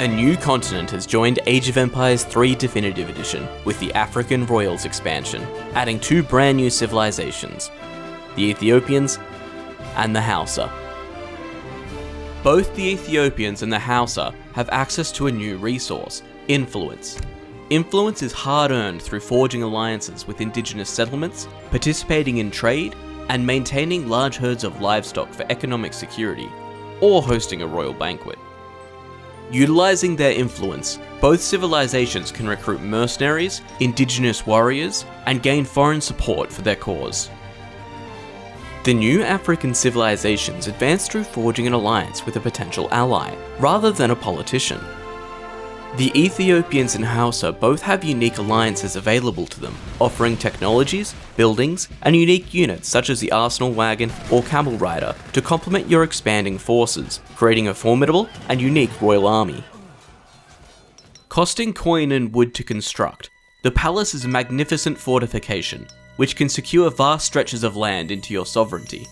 A new continent has joined Age of Empires 3 Definitive Edition with the African Royals expansion, adding two brand new civilizations, the Ethiopians and the Hausa. Both the Ethiopians and the Hausa have access to a new resource, influence. Influence is hard earned through forging alliances with indigenous settlements, participating in trade, and maintaining large herds of livestock for economic security, or hosting a royal banquet. Utilizing their influence, both civilizations can recruit mercenaries, indigenous warriors, and gain foreign support for their cause. The new African civilizations advance through forging an alliance with a potential ally, rather than a politician, the Ethiopians and Hausa both have unique alliances available to them, offering technologies, buildings, and unique units such as the Arsenal Wagon or Camel Rider to complement your expanding forces, creating a formidable and unique royal army. Costing coin and wood to construct, the palace is a magnificent fortification, which can secure vast stretches of land into your sovereignty.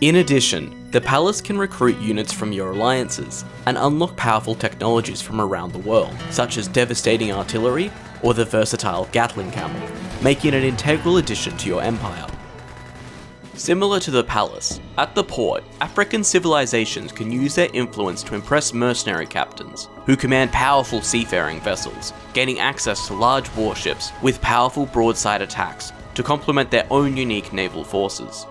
In addition, the Palace can recruit units from your alliances and unlock powerful technologies from around the world, such as devastating artillery or the versatile Gatling camel, making it an integral addition to your empire. Similar to the palace, at the port, African civilizations can use their influence to impress mercenary captains, who command powerful seafaring vessels, gaining access to large warships with powerful broadside attacks to complement their own unique naval forces.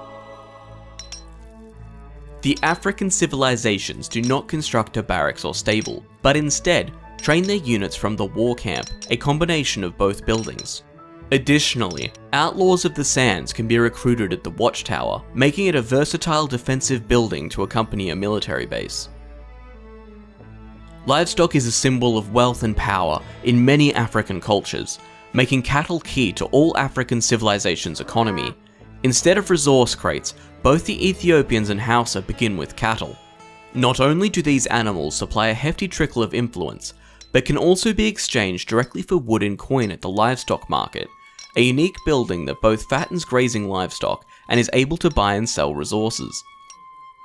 The African civilizations do not construct a barracks or stable, but instead train their units from the war camp, a combination of both buildings. Additionally, Outlaws of the Sands can be recruited at the Watchtower, making it a versatile defensive building to accompany a military base. Livestock is a symbol of wealth and power in many African cultures, making cattle key to all African civilization's economy. Instead of resource crates, both the Ethiopians and Hausa begin with cattle. Not only do these animals supply a hefty trickle of influence, but can also be exchanged directly for wood and coin at the livestock market, a unique building that both fattens grazing livestock and is able to buy and sell resources.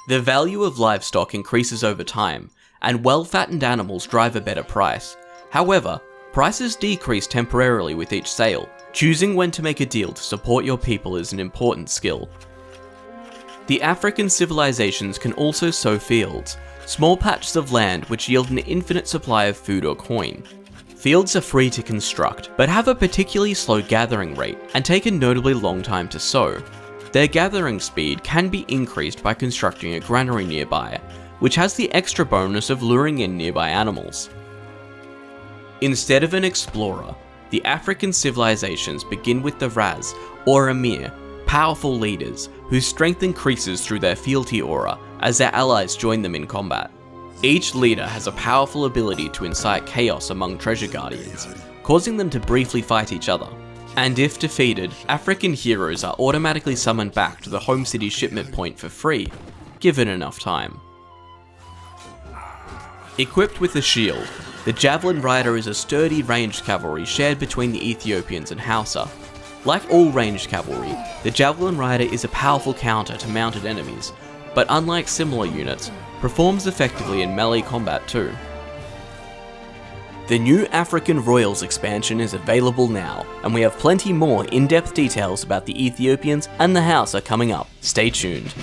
The value of livestock increases over time, and well-fattened animals drive a better price. However, Prices decrease temporarily with each sale. Choosing when to make a deal to support your people is an important skill. The African civilizations can also sow fields, small patches of land which yield an infinite supply of food or coin. Fields are free to construct, but have a particularly slow gathering rate and take a notably long time to sow. Their gathering speed can be increased by constructing a granary nearby, which has the extra bonus of luring in nearby animals. Instead of an explorer, the African civilizations begin with the Raz, or Amir, powerful leaders whose strength increases through their fealty aura as their allies join them in combat. Each leader has a powerful ability to incite chaos among treasure guardians, causing them to briefly fight each other. And if defeated, African heroes are automatically summoned back to the home city shipment point for free, given enough time. Equipped with a shield, the Javelin Rider is a sturdy ranged cavalry shared between the Ethiopians and Hausa. Like all ranged cavalry, the Javelin Rider is a powerful counter to mounted enemies, but unlike similar units, performs effectively in melee combat too. The new African Royals expansion is available now, and we have plenty more in-depth details about the Ethiopians and the Hausa coming up. Stay tuned.